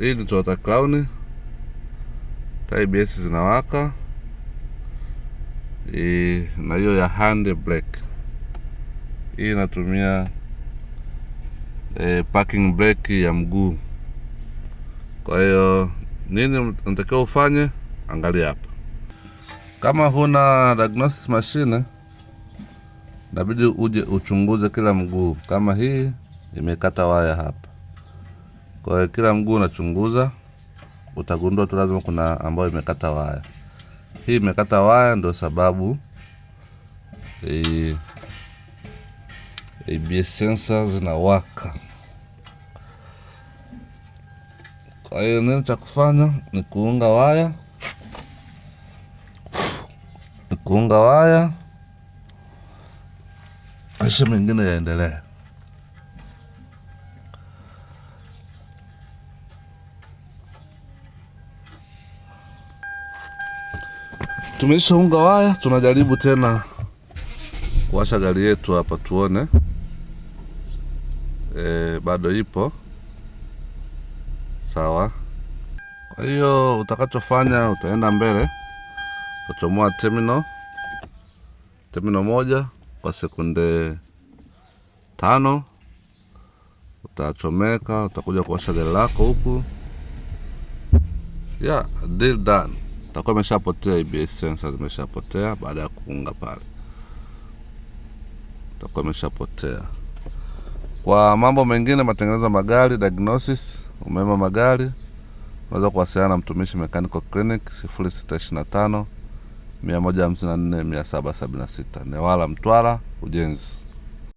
Hii ni Toyota Crown, TBS zinawaka e, na hiyo ya hand brake hii inatumia e, parking brake ya mguu. Kwa hiyo nini natakiwa ufanye, angalia hapa. Kama huna diagnosis mashine, inabidi uje uchunguze kila mguu. Kama hii imekata waya hapa kwa hiyo kila mguu unachunguza, utagundua tu lazima kuna ambayo imekata waya. Hii imekata waya, ndio sababu e, ABS e, zinawaka. Kwa hiyo nini cha kufanya ni kuunga waya, ni kuunga waya, maisha mengine yaendelee. unga waya, tunajaribu tena kuwasha gari yetu hapa tuone. E, bado ipo sawa. Kwa hiyo utakachofanya utaenda mbele kuchomoa terminal terminal moja kwa sekunde tano, utachomeka, utakuja kuwasha gari lako huku. Yeah, deal done takuwa imeshapotea ABS sensor zimeshapotea baada ya kuunga pale, takuwa imeshapotea. Kwa mambo mengine, matengenezo magari, diagnosis, umeme magari, unaweza kuwasiliana na mtumishi Mechanical Clinic 0625 154 176 Newala Mtwara ujenzi.